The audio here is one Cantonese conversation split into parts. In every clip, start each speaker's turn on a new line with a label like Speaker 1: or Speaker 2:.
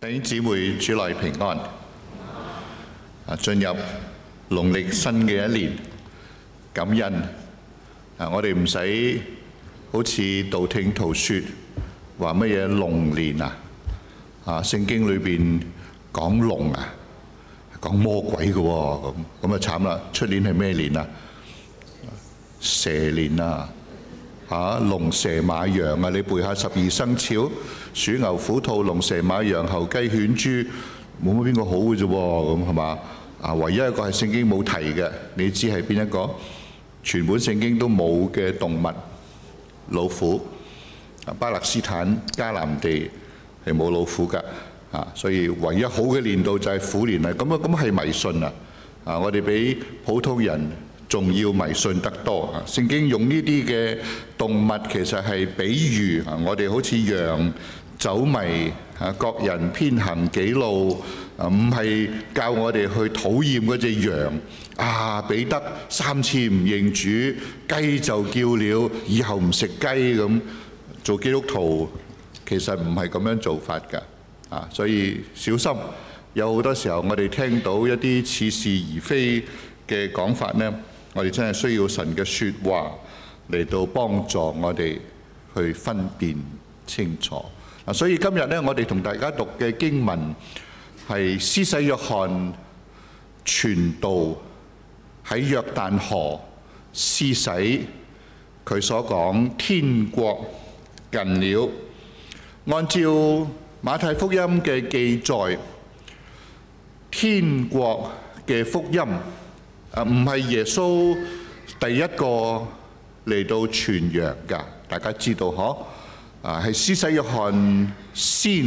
Speaker 1: 弟兄姊妹，主內平安。啊，進入農曆新嘅一年，感恩。啊，我哋唔使好似道聽途說，話乜嘢龍年啊？啊，聖經裏邊講龍啊，講魔鬼嘅喎、哦，咁咁啊慘啦！出年係咩年啊？蛇年啊！吓、啊，龍蛇馬羊啊！你背下十二生肖：鼠牛虎兔龍蛇馬羊猴雞犬豬，冇乜邊個好嘅啫喎！咁係嘛？啊，唯一一個係聖經冇提嘅，你知係邊一個？全本聖經都冇嘅動物，老虎。啊，巴勒斯坦迦南地係冇老虎㗎。啊，所以唯一好嘅年度就係虎年啦。咁啊，咁係迷信啊！啊，我哋俾普通人仲要迷信得多啊！聖經用呢啲嘅動物，其實係比喻啊！我哋好似羊走迷啊，各人偏行己路啊，唔係教我哋去討厭嗰隻羊啊！彼得三次唔認主，雞就叫了，以後唔食雞。咁做基督徒，其實唔係咁樣做法㗎啊！所以小心，有好多時候我哋聽到一啲似是而非嘅講法呢。我哋真係需要神嘅説話嚟到幫助我哋去分辨清楚。嗱，所以今日呢，我哋同大家讀嘅經文係施洗約翰傳道喺約旦河施洗。佢所講，天國近了。按照馬太福音嘅記載，天國嘅福音。唔、啊、係耶穌第一個嚟到傳揚噶，大家知道嗬，啊，係施洗約翰先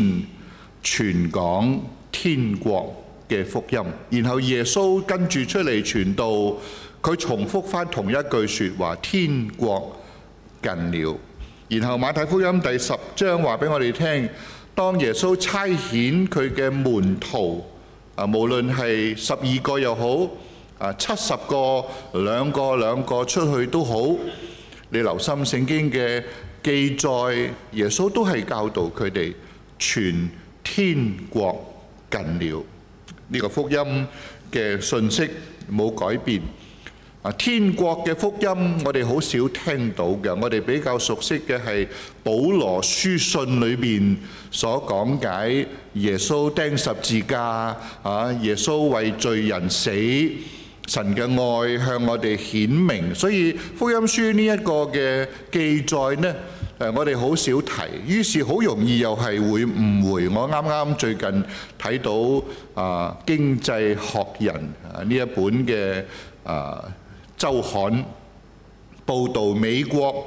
Speaker 1: 傳講天國嘅福音，然後耶穌跟住出嚟傳道，佢重複翻同一句説話：天國近了。然後馬太福音第十章話俾我哋聽，當耶穌差遣佢嘅門徒啊，無論係十二個又好。啊！七十個兩個兩個出去都好，你留心聖經嘅記載，耶穌都係教導佢哋傳天國近了呢個福音嘅信息冇改變。啊！天國嘅福音我哋好少聽到嘅，我哋比較熟悉嘅係保羅書信裏邊所講解耶穌釘十字架啊，耶穌為罪人死。神嘅愛向我哋顯明，所以福音書呢一個嘅記載呢，誒我哋好少提，於是好容易又係會誤會。我啱啱最近睇到啊經濟學人呢一本嘅、啊、周刊報導美國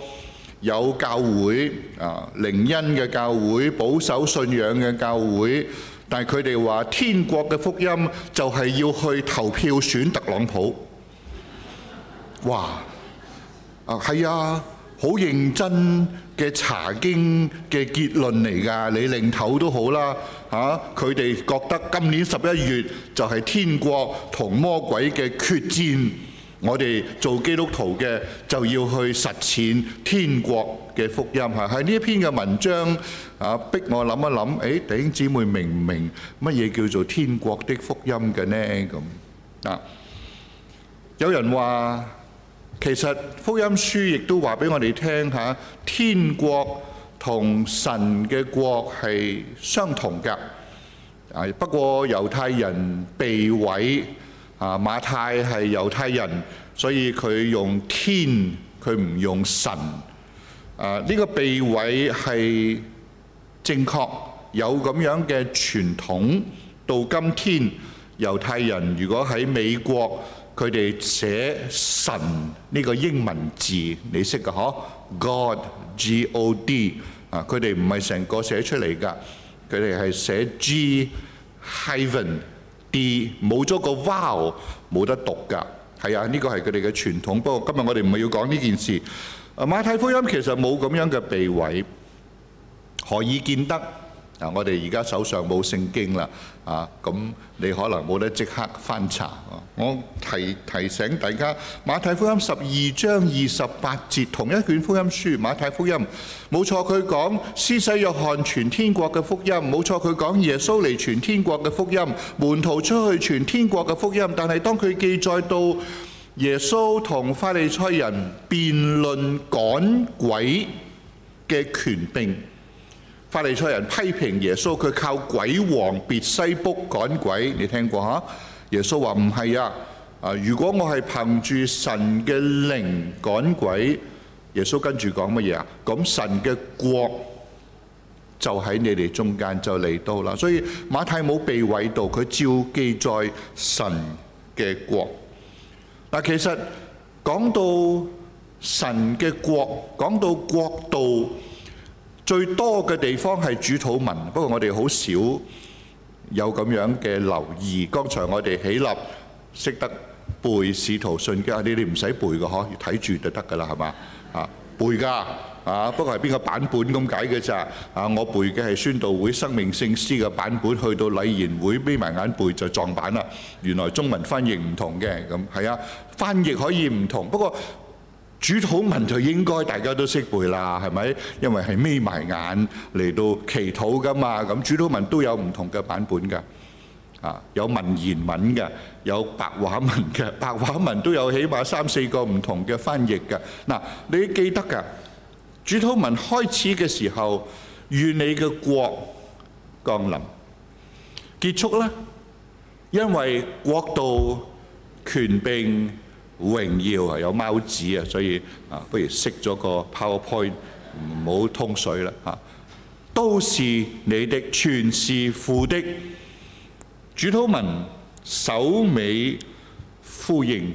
Speaker 1: 有教會啊靈恩嘅教會、保守信仰嘅教會。但係佢哋話天國嘅福音就係要去投票選特朗普。哇！係啊，係啊，好認真嘅查經嘅結論嚟㗎，你領頭都好啦嚇。佢哋覺得今年十一月就係天國同魔鬼嘅決戰。我哋做基督徒嘅就要去實踐天國嘅福音嚇，喺呢一篇嘅文章嚇逼我諗一諗，誒、哎、弟兄姊妹明唔明乜嘢叫做天國的福音嘅呢？咁有人話其實福音書亦都話俾我哋聽嚇，天國同神嘅國係相同㗎，不過猶太人被毀。啊，馬太係猶太人，所以佢用天，佢唔用神。啊，呢、這個避諱係正確，有咁樣嘅傳統到今天。猶太人如果喺美國，佢哋寫神呢、這個英文字，你識噶呵？God，G-O-D。God，啊，佢哋唔係成個寫出嚟噶，佢哋係寫 G-Haven 冇咗個 Vowel 冇得讀㗎，係啊，呢個係佢哋嘅傳統。不過今日我哋唔係要講呢件事。馬太福音其實冇咁樣嘅避諱，何以見得？我哋而家手上冇聖經啦，啊，咁你可能冇得即刻翻查。我提提醒大家，馬太福音十二章二十八節，同一卷福音書，馬太福音，冇錯，佢講施洗約翰傳天國嘅福音，冇錯，佢講耶穌嚟傳天國嘅福音，門徒出去傳天國嘅福音。但係當佢記載到耶穌同法利賽人辯論趕鬼嘅權柄。法利賽人批評耶穌，佢靠鬼王別西卜趕鬼，你聽過吓？耶穌話唔係啊，啊！如果我係憑住神嘅靈趕鬼，耶穌跟住講乜嘢啊？咁神嘅國就喺你哋中間就嚟到啦。所以馬太冇被毀道，佢照記在神嘅國。嗱，其實講到神嘅國，講到國度，最多嘅地方係主禱文，不過我哋好少有咁樣嘅留意。剛才我哋起立識得背《使徒信經》，你哋唔使背嘅呵，要睇住就得㗎啦，係嘛？啊，背㗎啊，不過係邊個版本咁解嘅咋？啊，我背嘅係宣道會生命聖詩嘅版本，去到禮賢會眯埋眼背就撞板啦。原來中文翻譯唔同嘅，咁係啊，翻譯可以唔同，不過。主禱文就應該大家都識背啦，係咪？因為係眯埋眼嚟到祈禱噶嘛，咁主禱文都有唔同嘅版本㗎。啊，有文言文嘅，有白話文嘅，白話文都有起碼三四個唔同嘅翻譯㗎。嗱，你記得㗎？主禱文開始嘅時候，願你嘅國降臨，結束咧，因為國度權柄。榮耀啊，有貓子啊，所以啊，不如熄咗個 PowerPoint，唔好通水啦吓。都是你的，全是父的。主禱文首尾呼應，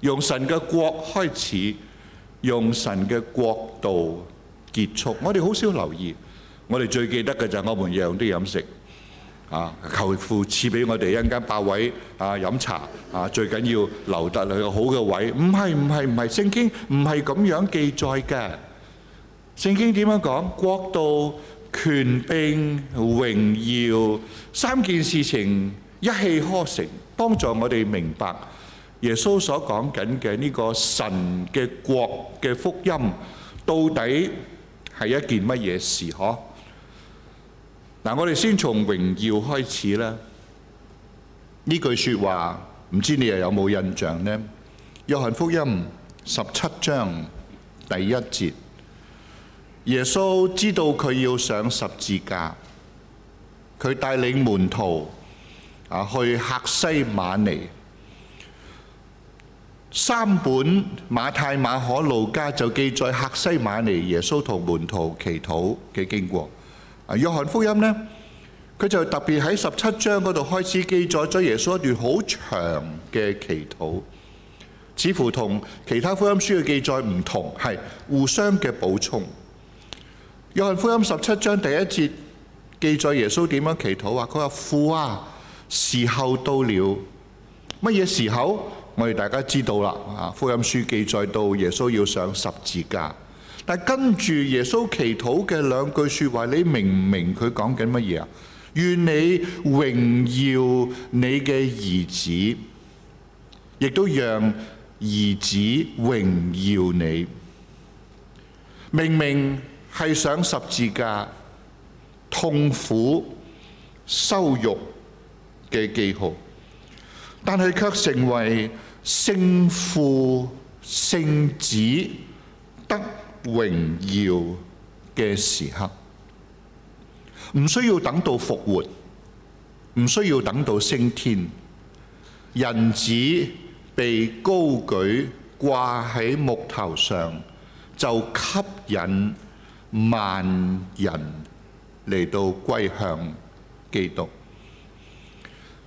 Speaker 1: 用神嘅國開始，用神嘅國度結束。我哋好少留意，我哋最記得嘅就係我們用啲飲食。啊！求父賜俾我哋一間霸位啊飲茶啊，最緊要留得嚟個好嘅位。唔係唔係唔係，聖經唔係咁樣記載嘅。聖經點樣講？國度、權柄、榮耀三件事情一氣呵成，幫助我哋明白耶穌所講緊嘅呢個神嘅國嘅福音，到底係一件乜嘢事？可？嗱，我哋先從榮耀開始啦。呢句說話唔知你又有冇印象呢？約翰福音十七章第一節，耶穌知道佢要上十字架，佢帶領門徒啊去客西馬尼。三本馬太、馬可、路加就記載客西馬尼，耶穌同門徒祈禱嘅經過。啊，約翰福音呢，佢就特別喺十七章嗰度開始記載咗耶穌一段好長嘅祈禱，似乎同其他福音書嘅記載唔同，係互相嘅補充。約翰福音十七章第一節記載耶穌點樣祈禱啊？佢話，父啊，時候到了，乜嘢時候？我哋大家知道啦，啊，福音書記載到耶穌要上十字架。但跟住耶穌祈禱嘅兩句説話，你明唔明佢講緊乜嘢啊？願你榮耀你嘅兒子，亦都讓兒子榮耀你。明明係上十字架、痛苦、羞辱嘅記號，但係卻成為聖父、聖子得榮耀嘅時刻，唔需要等到復活，唔需要等到升天，人子被高舉掛喺木頭上，就吸引萬人嚟到歸向基督。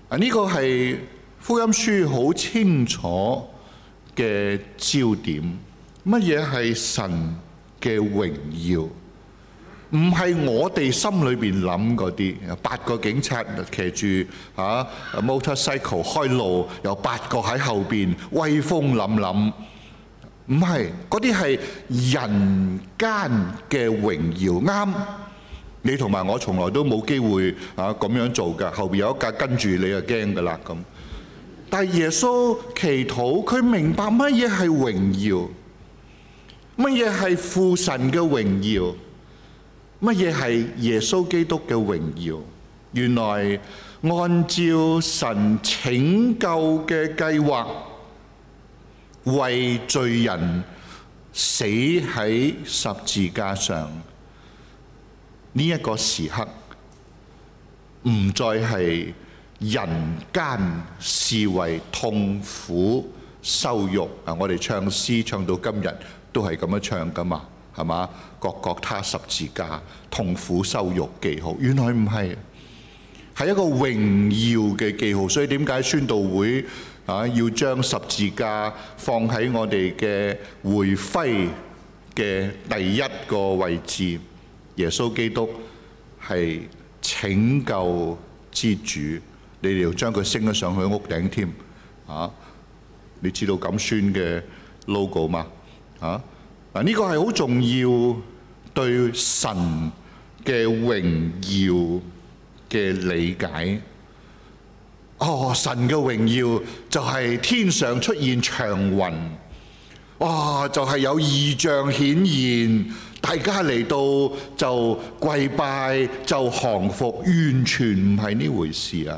Speaker 1: 啊，呢、呢個係福音書好清楚嘅焦點，乜嘢係神？嘅榮耀唔係我哋心裏邊諗嗰啲，八個警察騎住啊 motorcycle 開路，有八個喺後邊威風凜凜，唔係嗰啲係人間嘅榮耀。啱，你同埋我從來都冇機會啊咁樣做㗎。後邊有一架跟住你就驚㗎啦咁。但係耶穌祈禱，佢明白乜嘢係榮耀。乜嘢係父神嘅榮耀？乜嘢係耶穌基督嘅榮耀？原來按照神拯救嘅計劃，為罪人死喺十字架上呢一個時刻，唔再係人間視為痛苦羞辱啊！我哋唱詩唱到今日。都係咁樣唱噶嘛，係嘛？各各他十字架，痛苦羞辱記號，原來唔係係一個榮耀嘅記號。所以點解宣道會啊要將十字架放喺我哋嘅會徽嘅第一個位置？耶穌基督係拯救之主，你哋要將佢升咗上去屋頂添啊！你知道咁宣嘅 logo 嗎？啊！嗱，呢個係好重要對神嘅榮耀嘅理解。哦，神嘅榮耀就係天上出現祥雲，哇、哦！就係、是、有異象顯現，大家嚟到就跪拜就降服，完全唔係呢回事啊！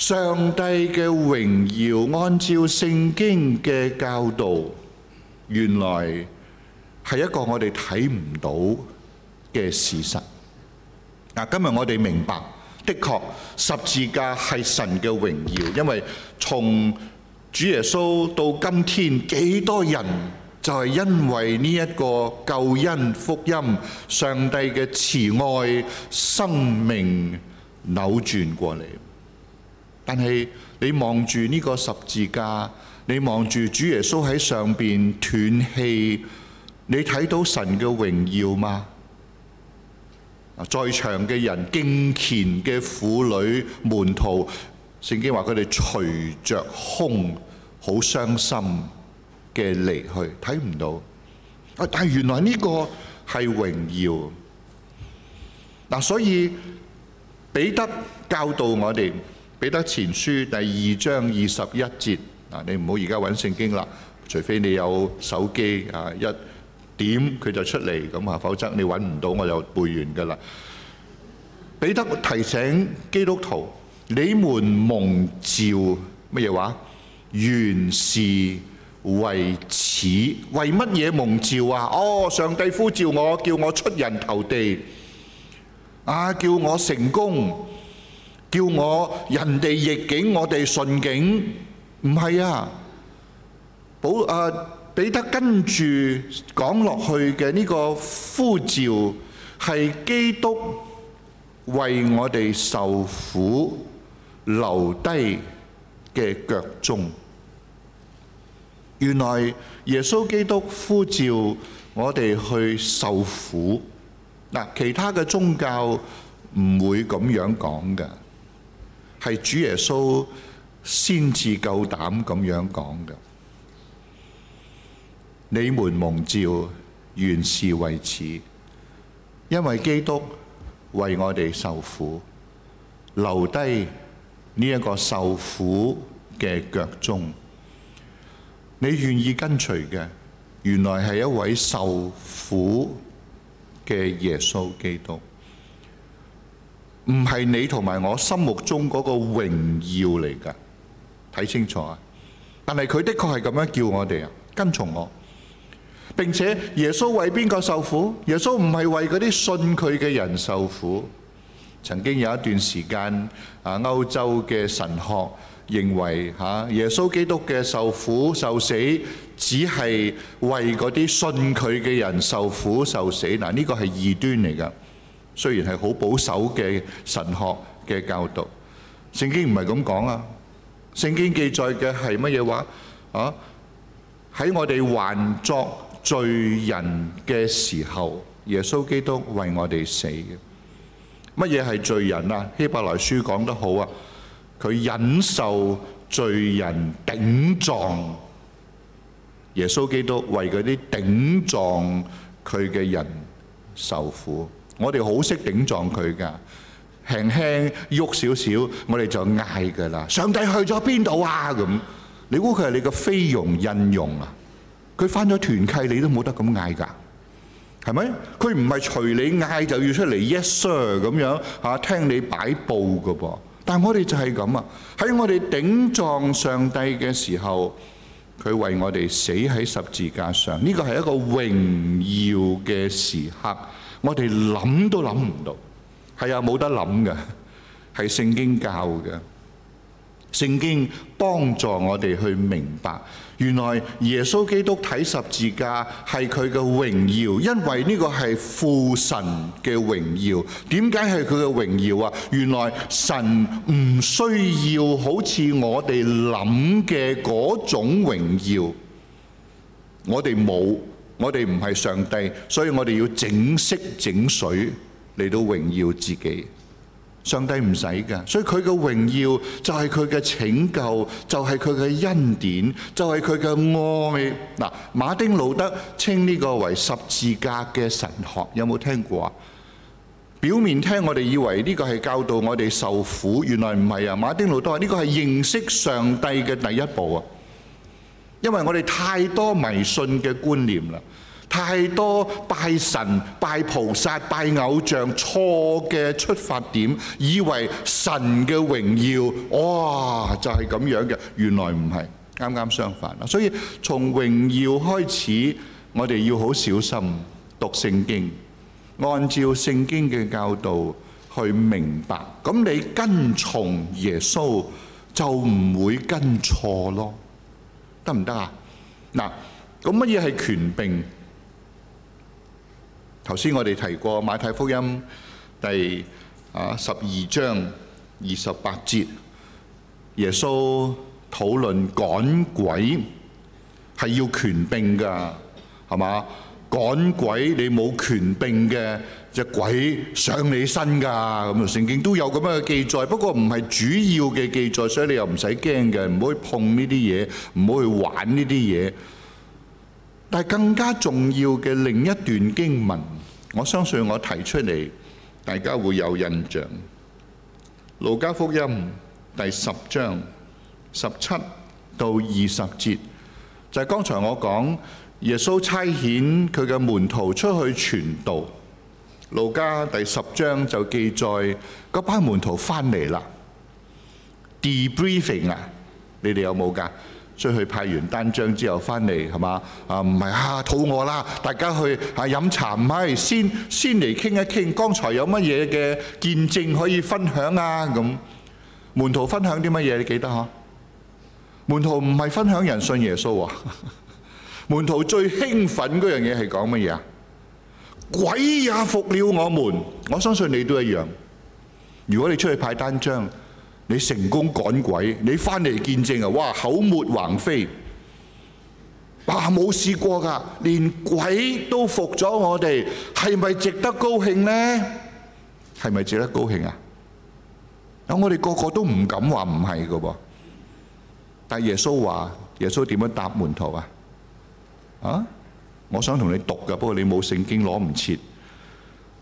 Speaker 1: 上帝嘅榮耀，按照聖經嘅教導，原來係一個我哋睇唔到嘅事實。嗱，今日我哋明白，的確十字架係神嘅榮耀，因為從主耶穌到今天，幾多人就係因為呢一個救恩福音、上帝嘅慈愛，生命扭轉過嚟。但係你望住呢個十字架，你望住主耶穌喺上邊斷氣，你睇到神嘅榮耀嗎？在場嘅人敬虔、嘅婦女門徒，聖經話佢哋隨著胸好傷心嘅離去，睇唔到。但係原來呢個係榮耀。嗱，所以彼得教導我哋。彼得前書第二章二十一節啊，你唔好而家揾聖經啦，除非你有手機啊，一點佢就出嚟咁啊，否則你揾唔到，我就背完㗎啦。彼得提醒基督徒：你們蒙召乜嘢話？原是為此，為乜嘢蒙召啊？哦，上帝呼召我，叫我出人頭地啊，叫我成功。叫我人哋逆境，我哋順境，唔係啊！保啊，彼得跟住講落去嘅呢個呼召，係基督為我哋受苦留低嘅腳蹤。原來耶穌基督呼召我哋去受苦，嗱，其他嘅宗教唔會咁樣講噶。係主耶穌先至夠膽咁樣講嘅，你們蒙召原是為此，因為基督為我哋受苦，留低呢一個受苦嘅腳蹤。你願意跟隨嘅，原來係一位受苦嘅耶穌基督。唔係你同埋我心目中嗰個榮耀嚟㗎，睇清楚啊！但係佢的確係咁樣叫我哋啊，跟從我。並且耶穌為邊個受苦？耶穌唔係為嗰啲信佢嘅人受苦。曾經有一段時間，啊，歐洲嘅神學認為嚇，啊，耶穌基督嘅受苦受死，只係為嗰啲信佢嘅人受苦受死。嗱，啊，呢、呢個係異端嚟㗎。雖然係好保守嘅神學嘅教導，聖經唔係咁講啊。聖經記載嘅係乜嘢話啊？喺我哋還作罪人嘅時候，耶穌基督為我哋死嘅。乜嘢係罪人啊？希伯來書講得好啊，佢忍受罪人頂撞，耶穌基督為嗰啲頂撞佢嘅人受苦。我哋好識頂撞佢噶，輕輕喐少少，我哋就嗌噶啦。上帝去咗邊度啊？咁你估佢係你個菲傭印傭啊？佢返咗團契，你都冇得咁嗌噶，係咪？佢唔係隨你嗌就要出嚟 Yes sir 咁樣嚇聽你擺佈噶噃。但係我哋就係咁啊！喺我哋頂撞上帝嘅時候，佢為我哋死喺十字架上，呢個係一個榮耀嘅時刻。我哋諗都諗唔到，係啊，冇得諗㗎，係聖經教嘅，聖經幫助我哋去明白，原來耶穌基督睇十字架係佢嘅榮耀，因為呢個係父神嘅榮耀，點解係佢嘅榮耀啊？原來神唔需要好似我哋諗嘅嗰種榮耀，我哋冇。我哋唔係上帝，所以我哋要整色整水嚟到榮耀自己。上帝唔使㗎，所以佢嘅榮耀就係佢嘅拯救，就係佢嘅恩典，就係佢嘅愛。嗱，馬丁路德稱呢個為十字架嘅神學，有冇聽過啊？表面聽我哋以為呢個係教導我哋受苦，原來唔係啊！馬丁路德話：呢個係認識上帝嘅第一步啊！因為我哋太多迷信嘅觀念啦，太多拜神、拜菩薩、拜偶像，錯嘅出發點，以為神嘅榮耀，哇、哦，就係、是、咁樣嘅，原來唔係，啱啱相反啦。所以從榮耀開始，我哋要好小心讀聖經，按照聖經嘅教導去明白，咁你跟從耶穌就唔會跟錯咯。得唔得啊？嗱，咁乜嘢係權柄？頭先我哋提過馬太福音第啊十二章二十八節，耶穌討論趕鬼係要權柄噶，係嘛？趕鬼你冇權柄嘅。隻鬼上你身㗎咁啊！聖經都有咁樣嘅記載，不過唔係主要嘅記載，所以你又唔使驚嘅，唔好去碰呢啲嘢，唔好去玩呢啲嘢。但係更加重要嘅另一段經文，我相信我提出嚟，大家會有印象。路加福音第十章十七到二十節，就係剛才我講耶穌差遣佢嘅門徒出去傳道。路加第十章就記載嗰班門徒翻嚟啦，debriefing 啊，你哋有冇噶？出去派完單張之後翻嚟係嘛？啊唔係啊，肚餓啦，大家去啊飲茶，唔係先先嚟傾一傾，剛才有乜嘢嘅見證可以分享啊咁？門徒分享啲乜嘢？你記得吓？門徒唔係分享人信耶穌喎，啊， 門徒最興奮嗰樣嘢係講乜嘢啊？鬼也服了我們，我相信你都一樣。如果你出去派單張，你成功趕鬼，你翻嚟見證啊！哇，口沫橫飛，哇冇試過噶，連鬼都服咗我哋，係咪值得高興呢？係咪值得高興啊？啊，我哋個個都唔敢話唔係㗎噃，但係耶穌話，耶穌點樣答門徒啊？啊？我想同你讀噶，不過你冇聖經攞唔切。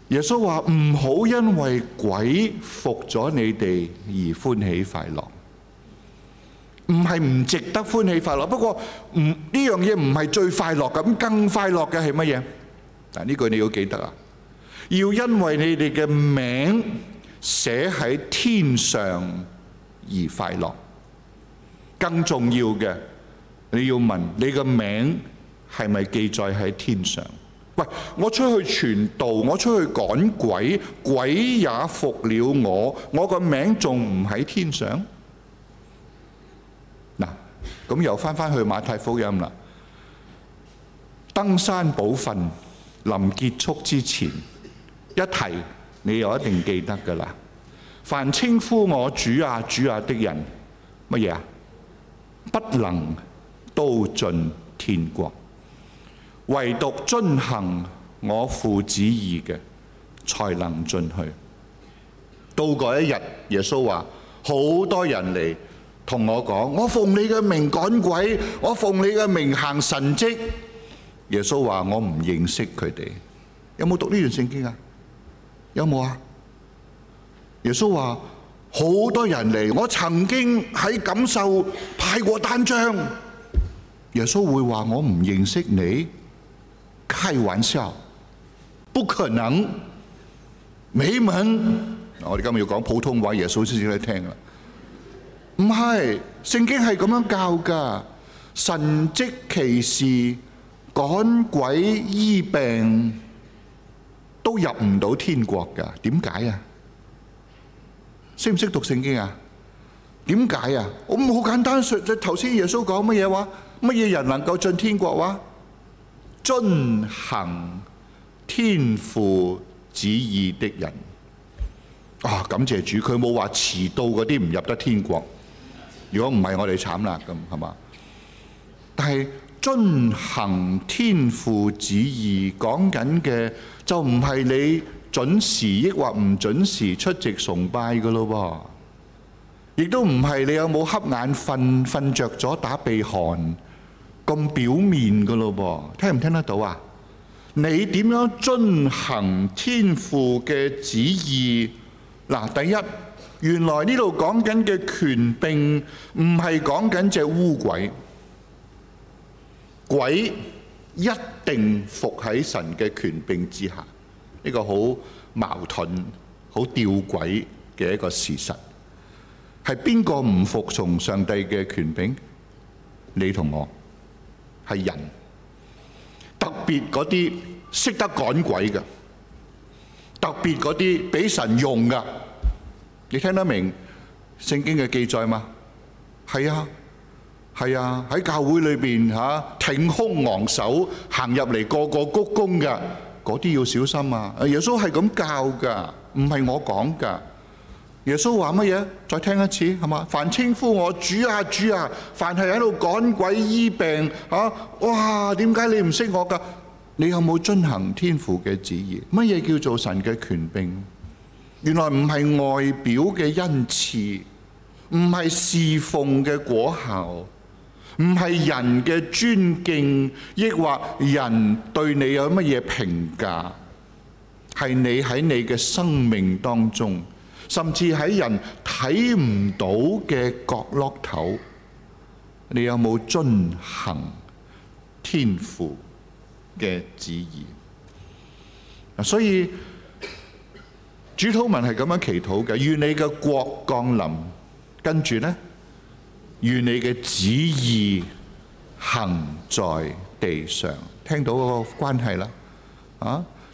Speaker 1: 耶穌話唔好因為鬼服咗你哋而歡喜快樂，唔係唔值得歡喜快樂。不過唔呢樣嘢唔係最快樂，咁更快樂嘅係乜嘢？嗱，呢句你要記得啊，要因為你哋嘅名寫喺天上而快樂。更重要嘅，你要問你個名。係咪記載喺天上？喂，我出去傳道，我出去趕鬼，鬼也服了我，我個名仲唔喺天上？嗱，咁又返返去馬太福音啦。登山寶訓臨結束，之前一提，你又一定記得㗎喇。凡稱呼我主啊主啊的人，乜嘢啊？不能都進天國。唯獨遵行我父旨意嘅，才能進去。到嗰一日，耶穌話：好多人嚟同我講，我奉你嘅名趕鬼，我奉你嘅名行神蹟。耶穌話：我唔認識佢哋。有冇讀呢段聖經啊？有冇啊？耶穌話：好多人嚟，我曾經喺感受派過單張。耶穌會話：我唔認識你。開玩笑，不可能，沒門。我哋今日要講普通話，耶穌先聽啦。唔係，聖經係咁樣教㗎，神蹟奇事、趕鬼醫病，都入唔到天國噶。點解呀？識唔識讀聖經啊？點解啊？我冇好簡單。頭先耶穌講乜嘢話？乜嘢人能夠進天國啊？遵行天父旨意的人，啊！感謝主，佢冇話遲到嗰啲唔入得天國。如果唔係，我哋慘啦咁，係嘛？但係遵行天父旨意講緊嘅，就唔係你準時抑或唔準時出席崇拜㗎咯噃，亦都唔係你有冇瞌眼瞓，瞓着咗打鼻鼾。咁表面噶咯噃，聽唔聽得到啊？你點樣遵行天父嘅旨意？嗱，第一，原來呢度講緊嘅權柄唔係講緊隻烏鬼，鬼一定服喺神嘅權柄之下。呢個好矛盾、好吊詭嘅一個事實，係邊個唔服從上帝嘅權柄？你同我。係人，特別嗰啲識得趕鬼嘅，特別嗰啲俾神用嘅，你聽得明聖經嘅記載嗎？係啊，係啊，喺教會裏邊吓挺胸昂首行入嚟，個個鞠躬嘅，嗰啲要小心啊！耶穌係咁教噶，唔係我講噶。耶穌話乜嘢？再聽一次係嘛？凡稱呼我主啊主啊，凡係喺度趕鬼醫病，吓、啊、哇？點解你唔識我噶你有冇遵行天父嘅旨意？乜嘢叫做神嘅權柄？原來唔係外表嘅恩賜，唔係侍奉嘅果效，唔係人嘅尊敬，亦或人對你有乜嘢評價？係你喺你嘅生命當中。甚至喺人睇唔到嘅角落頭，你有冇遵行天父嘅旨意？所以主禱文係咁樣祈禱嘅，願你嘅國降臨，跟住呢，願你嘅旨意行在地上。聽到個關係啦，啊？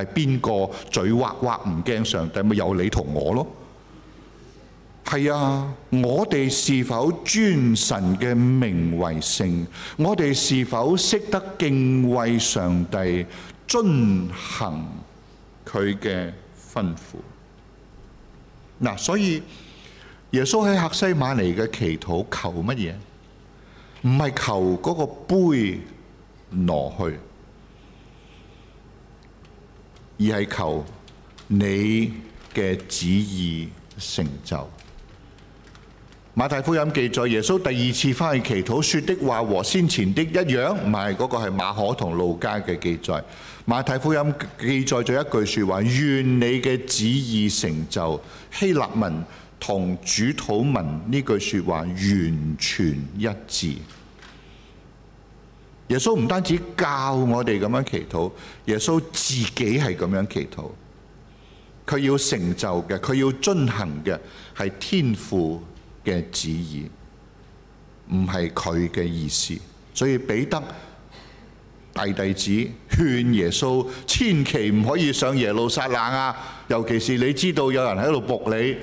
Speaker 1: 係邊個嘴畫畫唔驚上帝？咪有你同我咯。係啊，我哋是否尊神嘅名為聖？我哋是否識得敬畏上帝，遵行佢嘅吩咐？嗱，所以耶穌喺客西馬尼嘅祈禱求乜嘢？唔係求嗰個杯挪去。而係求你嘅旨意成就。馬太福音記載耶穌第二次翻去祈禱，説的話和先前的一樣，唔係嗰個係馬可同路加嘅記載。馬太福音記載咗一句説話：願你嘅旨意成就。希臘文同主禱文呢句説話完全一致。耶穌唔單止教我哋咁樣祈禱，耶穌自己係咁樣祈禱。佢要成就嘅，佢要遵行嘅係天父嘅旨意，唔係佢嘅意思。所以彼得大弟子勸耶穌，千祈唔可以上耶路撒冷啊！尤其是你知道有人喺度駁你。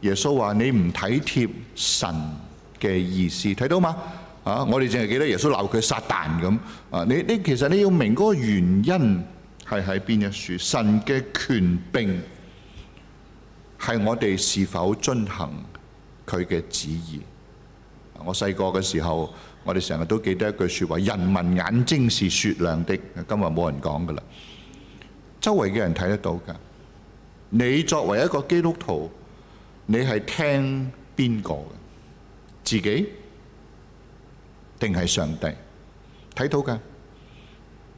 Speaker 1: 耶穌話你唔體貼神嘅意思，睇到嗎？啊！我哋淨係記得耶穌鬧佢撒旦咁啊！你你其實你要明嗰個原因係喺邊一處？神嘅權柄係我哋是否遵行佢嘅旨意？我細個嘅時候，我哋成日都記得一句説話：人民眼睛是雪亮的。今日冇人講㗎喇，周圍嘅人睇得到㗎。你作為一個基督徒，你係聽邊個嘅？自己？定係上帝睇到噶，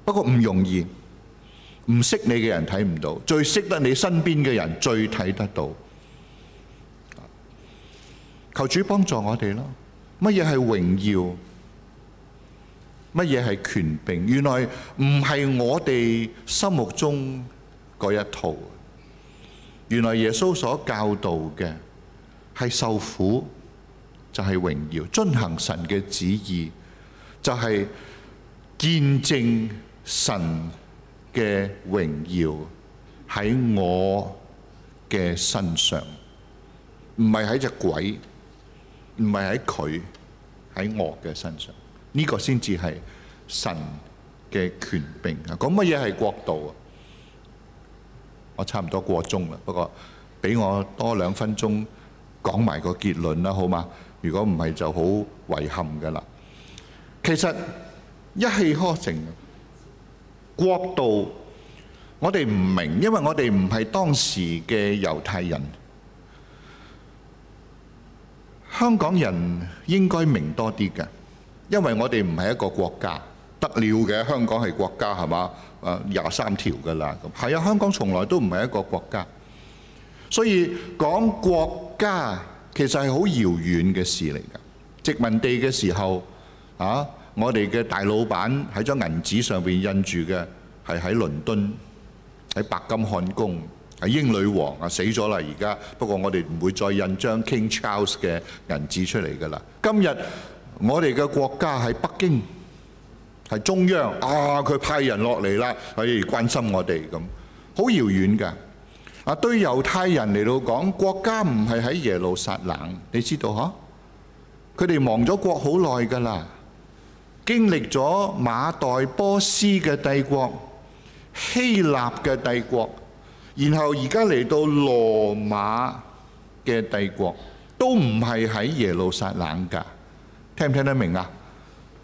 Speaker 1: 不過唔容易，唔識你嘅人睇唔到，最識得你身邊嘅人最睇得到。求主幫助我哋咯，乜嘢係榮耀，乜嘢係權柄？原來唔係我哋心目中嗰一套，原來耶穌所教導嘅係受苦。就係、是、榮耀，遵行神嘅旨意，就係、是、見證神嘅榮耀喺我嘅身上，唔係喺隻鬼，唔係喺佢喺我嘅身上，呢、這個先至係神嘅權柄啊！講乜嘢係國度啊？我差唔多過鐘啦，不過俾我多兩分鐘講埋個結論啦，好嗎？如果唔係，就好遺憾㗎喇。其實一氣呵成，國度我哋唔明，因為我哋唔係當時嘅猶太人。香港人應該明多啲㗎，因為我哋唔係一個國家，得了嘅香港係國家係嘛？啊，廿三條㗎喇，係啊，香港從來都唔係一個國家，所以講國家。其實係好遙遠嘅事嚟㗎，殖民地嘅時候啊，我哋嘅大老闆喺張銀紙上邊印住嘅係喺倫敦，喺白金漢宮，喺英女皇啊，死咗啦而家，不過我哋唔會再印張 King Charles 嘅銀紙出嚟㗎啦。今日我哋嘅國家喺北京，係中央啊，佢派人落嚟啦，係關心我哋咁，好遙遠㗎。啊，對猶太人嚟到講，國家唔係喺耶路撒冷，你知道嗬？佢哋亡咗國好耐㗎啦，經歷咗瑪代波斯嘅帝國、希臘嘅帝國，然後而家嚟到羅馬嘅帝國，都唔係喺耶路撒冷㗎。聽唔聽得明啊？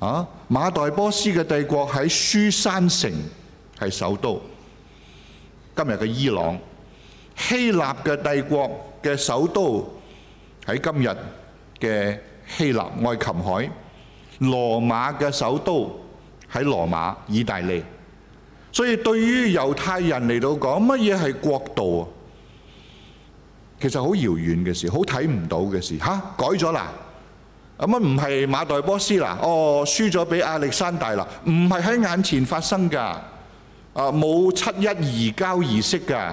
Speaker 1: 啊，瑪代波斯嘅帝國喺書珊城係首都，今日嘅伊朗。希臘嘅帝國嘅首都喺今日嘅希臘愛琴海，羅馬嘅首都喺羅馬，意大利。所以對於猶太人嚟到講，乜嘢係國度啊？其實好遙遠嘅事，好睇唔到嘅事嚇、啊、改咗啦。咁啊唔係、啊、馬代波斯啦，哦輸咗俾亞歷山大啦，唔係喺眼前發生㗎。冇、啊、七一移交儀式㗎。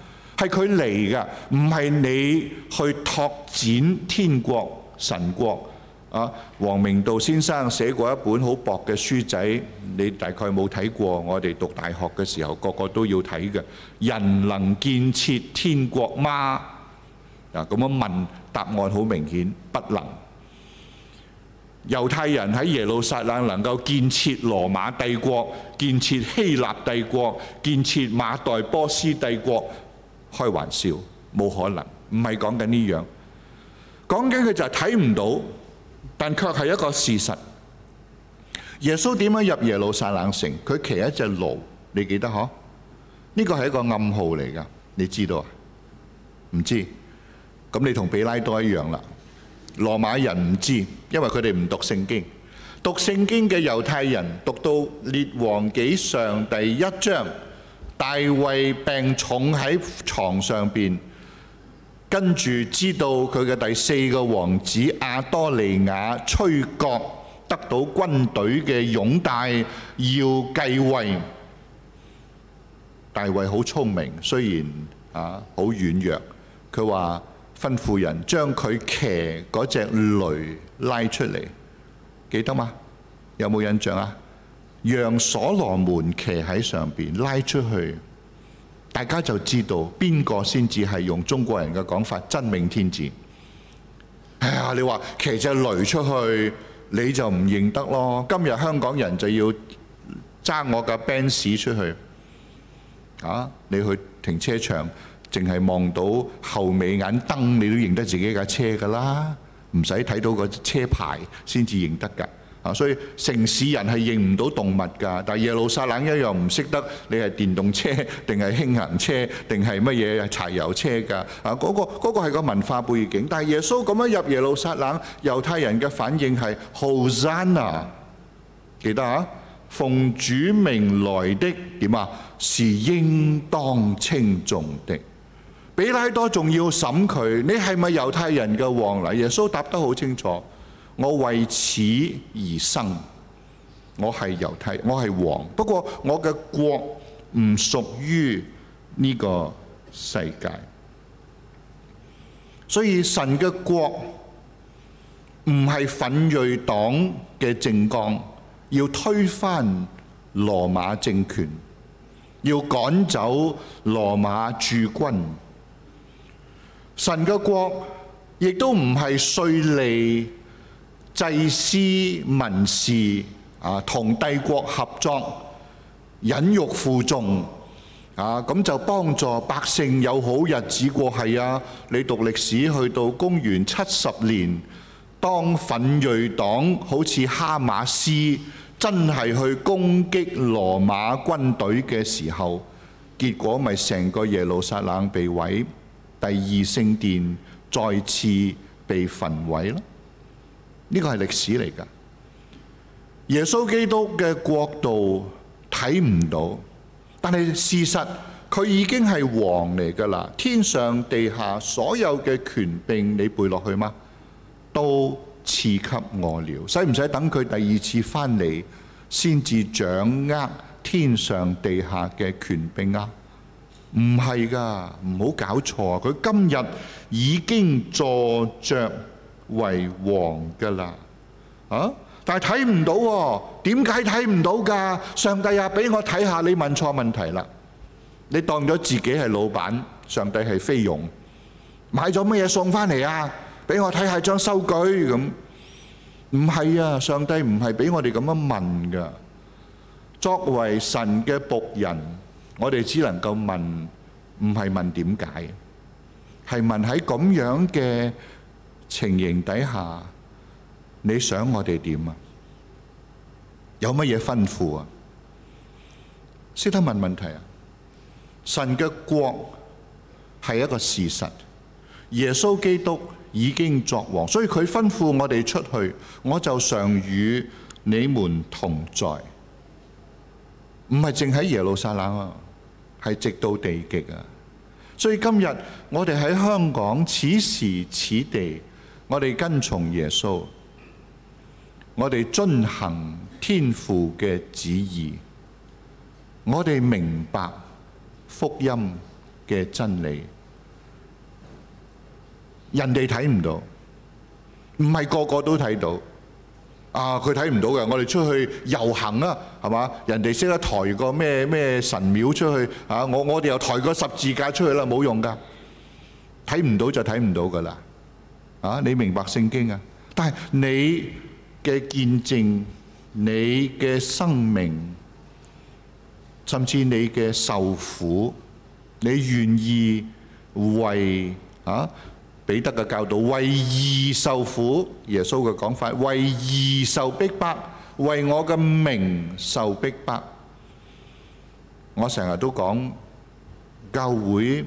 Speaker 1: 係佢嚟㗎，唔係你去拓展天國、神國啊。黃明道先生寫過一本好薄嘅書仔，你大概冇睇過。我哋讀大學嘅時候，個個都要睇嘅。人能建設天國嗎？啊，咁樣問答案好明顯，不能。猶太人喺耶路撒冷能夠建設羅馬帝國、建設希臘帝國、建設馬代波斯帝國。開玩笑，冇可能。唔係講緊呢樣，講緊佢就係睇唔到，但卻係一個事實。耶穌點樣入耶路撒冷城？佢騎一隻驢，你記得嗬？呢個係一個暗號嚟噶，你知道啊？唔知？咁你同比拉多一樣啦。羅馬人唔知，因為佢哋唔讀聖經。讀聖經嘅猶太人讀到列王紀上第一章。大衛病重喺床上邊，跟住知道佢嘅第四個王子亞多尼雅，吹角得到軍隊嘅擁戴要繼位。大衛好聰明，雖然啊好軟弱，佢話吩咐人將佢騎嗰隻驢拉出嚟，記得嗎？有冇印象啊？讓所羅門騎喺上邊，拉出去，大家就知道邊個先至係用中國人嘅講法真命天子。哎呀，你話騎隻驢出去你就唔認得咯。今日香港人就要揸我架 Benz 出去。啊，你去停車場淨係望到後尾眼燈，你都認得自己架車噶啦，唔使睇到個車牌先至認得噶。啊，所以城市人係認唔到動物㗎，但係耶路撒冷一樣唔識得你係電動車定係輕行車定係乜嘢柴油車㗎。啊，嗰個嗰個係個文化背景，但係耶穌咁樣入耶路撒冷，猶太人嘅反應係和散那啊！記得啊，奉主名來的點啊，是應當稱頌的。比拉多仲要審佢，你係咪猶太人嘅王嚟？耶穌答得好清楚。我為此而生，我係猶太，我係王。不過我嘅國唔屬於呢個世界，所以神嘅國唔係奮銳黨嘅政綱，要推翻羅馬政權，要趕走羅馬駐軍。神嘅國亦都唔係敍利。祭司、文士啊，同帝國合作，忍辱負重，啊，咁就幫助百姓有好日子過。係啊，你讀歷史去到公元七十年，當奮銳黨好似哈馬斯真係去攻擊羅馬軍隊嘅時候，結果咪成個耶路撒冷被毀，第二聖殿再次被焚毀咯。呢個係歷史嚟㗎，耶穌基督嘅國度睇唔到，但係事實佢已經係王嚟㗎啦。天上地下所有嘅權柄，你背落去嗎？都賜給我了。使唔使等佢第二次返嚟先至掌握天上地下嘅權柄啊？唔係㗎，唔好搞錯。佢今日已經坐着。為王噶啦，啊！但係睇唔到，點解睇唔到噶？上帝啊，俾我睇下，你問錯問題啦！你當咗自己係老闆，上帝係菲傭，買咗乜嘢送返嚟啊？俾我睇下張收據咁，唔係啊！上帝唔係俾我哋咁樣問噶。作為神嘅僕人，我哋只能夠問，唔係問點解，係問喺咁樣嘅。情形底下，你想我哋點啊？有乜嘢吩咐啊？識得問問題啊！神嘅國係一個事實，耶穌基督已經作王，所以佢吩咐我哋出去，我就常與你們同在。唔係淨喺耶路撒冷啊，係直到地極啊！所以今日我哋喺香港，此時此地。我哋跟從耶穌，我哋遵行天父嘅旨意，我哋明白福音嘅真理。人哋睇唔到，唔係個個都睇到。啊，佢睇唔到嘅，我哋出去遊行啊，係咪？人哋識得抬個咩咩神廟出去啊，我我哋又抬個十字架出去啦，冇用噶，睇唔到就睇唔到噶啦啊！你明白聖經啊？但係你嘅見證，你嘅生命，甚至你嘅受苦，你願意為啊彼得嘅教導，為義受苦，耶穌嘅講法，為義受逼迫，為我嘅名受逼迫。我成日都講，教會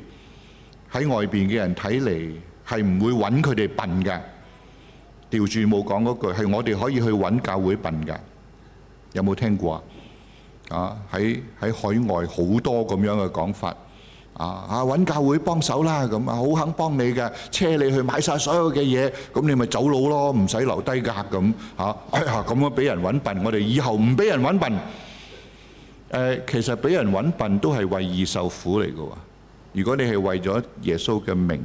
Speaker 1: 喺外邊嘅人睇嚟。係唔會揾佢哋笨嘅，調住冇講嗰句係我哋可以去揾教會笨嘅。有冇聽過啊？啊，喺喺海外好多咁樣嘅講法啊，啊揾教會幫手啦，咁啊好肯幫你嘅，車你去買晒所有嘅嘢，咁你咪走佬咯，唔使留低㗎咁嚇。哎呀，咁樣俾人揾笨，我哋以後唔俾人揾笨。誒，其實俾人揾笨都係為義受苦嚟㗎。如果你係為咗耶穌嘅名。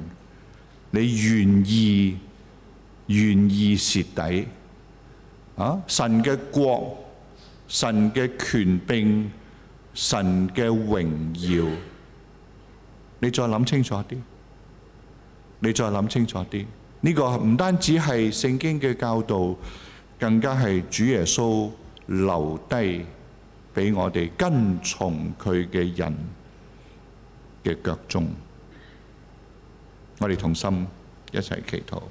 Speaker 1: 你願意願意蝕底啊？神嘅國、神嘅權柄、神嘅榮耀，你再諗清楚啲，你再諗清楚啲。呢個唔單止係聖經嘅教導，更加係主耶穌留低俾我哋跟從佢嘅人嘅腳蹤。我哋同心一齊祈禱，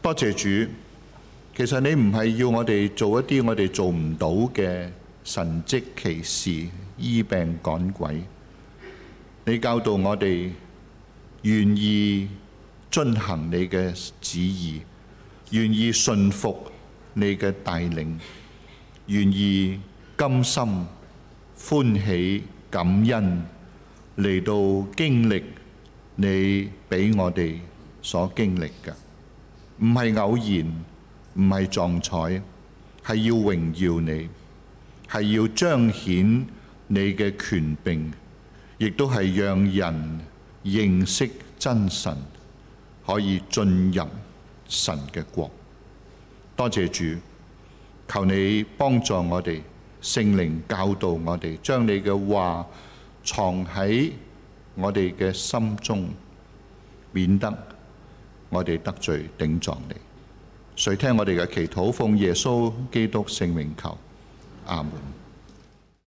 Speaker 1: 多謝主。其實你唔係要我哋做一啲我哋做唔到嘅神蹟奇事、醫病趕鬼。你教導我哋願意遵行你嘅旨意，願意信服你嘅帶領，願意甘心歡喜感恩。嚟到經歷你俾我哋所經歷嘅，唔係偶然，唔係撞彩，係要榮耀你，係要彰顯你嘅權柄，亦都係讓人認識真神，可以進入神嘅國。多謝主，求你幫助我哋，聖靈教導我哋，將你嘅話。藏喺我哋嘅心中，免得我哋得罪頂撞你。垂聽我哋嘅祈禱，奉耶穌基督聖名求，阿門。